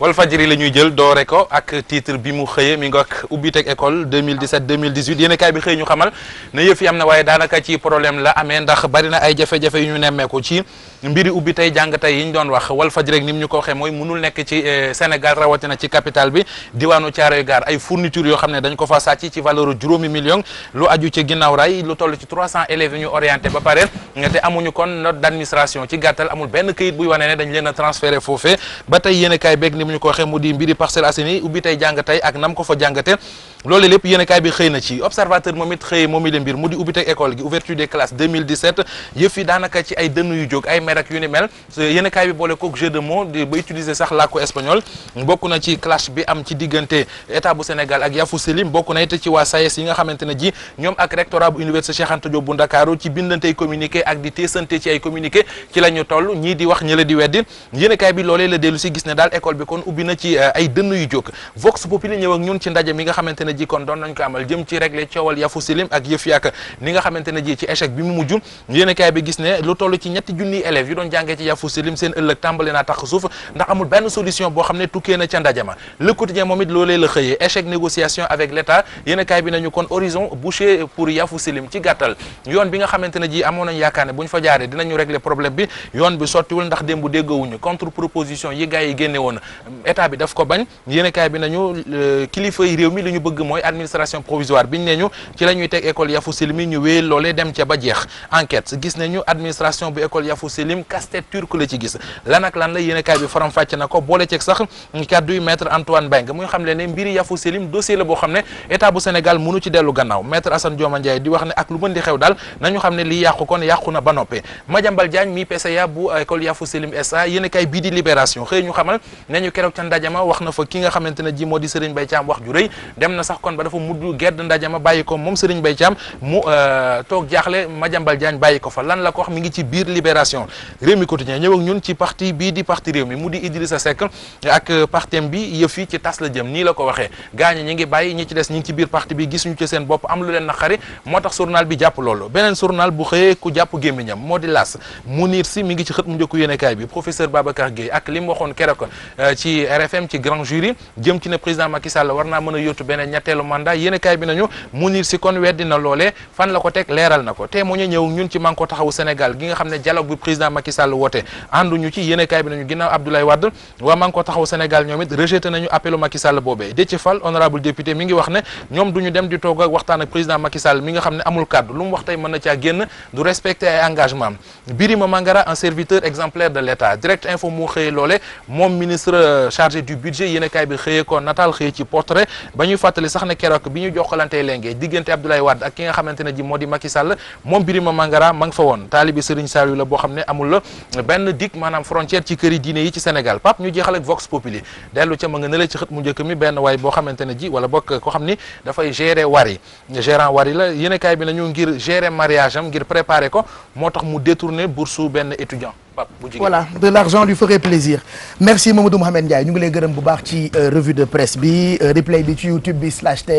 Walfadjri la ñuy jël doore ko ak titre bi mu xëyee mi nga ak ubbiteg école 2017 bi xëy ñu xamal ne yëf yi am na waaye daanaka ci problème la amee ndax bari ay jafe-jafe yu ñu nemmeeku ci mbiri ubbi jàng tey yi ñu doon wax Walfadjri rek ni mu ñu ko waxee mooy mënul nekk ci eh, Sénégal rawatina ci capitale bi diwaanu Thiaroye yoo xam ne dañ ko fa sàcc ci valeur juróomi million lu aju ci ginnaaw raay lu toll ci 300 élèves yi ñu orienté ba pare te kon note d'administration ci gàttal amul benn këyit buy wane ne dañ leen a transféré foofee ba tey yéen kaay beeg ñu ko waxee mu di mbiri Parcelles Assainies ubbi tey jàng tey ak nam ko fa jàngate loole lépp yéen a kaay bi xëy na ci observateur moom it xëy moom i le mbir mu di ubbiteg école gi ouverture des classes 2017 daanaka ci ay dënn yu jóg ay mer yu ni mel yéen a kaay bi boole kook jeu de mots ba utiliser sax làkku espagnol bokk na ci clash bi am ci diggante état bu Sénégal ak Yafou Selim bokk na it ci waa SAES e yi nga xamante ne ji ñoom ak rectorat bu université Cheikh Anta Diop bu Ndakaaru ci bindantey communiqué ak di teesante ci ci gis na ci euh, ay dënn yu jóg vox mi nga xamante ne ne ji kon doon nañ ko amal jëm ci régler coowal yafu silim ak yëf yàkk ni nga xamante ne ci échec bi mu mujj yéenekaay bi gis ne lu toll ci ñetti junniy élèves yu doon jàngee ci yafu silim seen ëllëg tàmbali naa tax suuf ndax amul benn solution boo xam ne tukkee na ca ndaje ma le quotidien moom it loolee la xëyee échec négociation avec l'État yéenekaay bi nañu kon horizon bouché pour yafu silim ci gàttal yoon bi nga xamante ji amoon nañu euh, kilifa bëgg mooy administration provisoire biñ ne ñu ci la ñuy teg école Yafu Silim yi ñu wéyal loolee dem ca ba jeex enquête gis nañu administration bu école Yafu Silim casse-tête la ci gis lan ak lan la yéen a bi faram fàcc na ko boole ceeg sax kàddu yi maître Antoine Bengue muy xam le mbiri Yafu Silim dossier la boo xam ne état bu Sénégal mënu ci dellu gannaaw maître Assane Dioma Ndiaye di wax ne ak lu mën xew daal nañu xam ne lii yàqu kon yàqu na ba sax kon ba dafa mujj gedd ndaje ma bàyyi ko moom Serigne Mbaye Thiam mu euh, toog jaaxle Madiambal Diagne bàyyi ko fa lan la ko wax mi ngi ci biir Libération réew mi quotidien ñëw ak ñun ci parti bii di parti réew mi mu di Idrissa Seck ak euh, partem bi yëf ci tas la jëm nii la ko waxee gaañi ñi ngi bàyyi ñi ci des ñi ci biir parti bi gisuñu ci seen bopp am lu leen naqari moo tax journal bi jàpp loolu beneen journal bu xëyee ku jàpp gémmiñam moo di las mu njëkku euh, a ñetteelu mandat yéen kaay bi nañu Mounir Sy kon weddi na fan la ko teg leeral na ko te mu ñëw ñun ci Manko Taxawu Sénégal gi nga xam ne dialogue bi président Macky Sall woote ànduñu ci yéen bi nañu ginnaaw Abdoulaye Wade waa Manko Taxawu Sénégal ñoom it rejeté nañu appelu Macky Sall boobee Déthié honorable député mi ngi wax ne ñoom duñu dem di toog waxtaan ak président Macky mi nga xam ne amul kaddu lu mu mën na caa génn du respecter sax ne keroog bi ñu jokkalantee léngee diggante Abdoulaye Wade ak ki nga xamante ne ji moo di Macky Sall moom Birima Mangara ma nga fa woon taalibi Serigne Saliou la boo xam ne amul la benn dig maanaam frontière ci këri diine yi ci Sénégal Pape ñu jeexal ak Vox Populi dellu ca ma nga nële ci xët mu njëkk mi benn waay boo xamante ne ji wala bokk ko xam ni dafay gérer wari gérant wari la yéenekaay bi nañu ngir gérer mariage am ngir préparer ko moo tax mu détourner boursu benn étudiant Pape bu jigéen voilà de l'argent lui ferait plaisir merci Mamadou Mouhamed Ndiaye ñu ngi lay bu baax ci euh, revue de presse bi euh, replay bi ci YouTube bi slash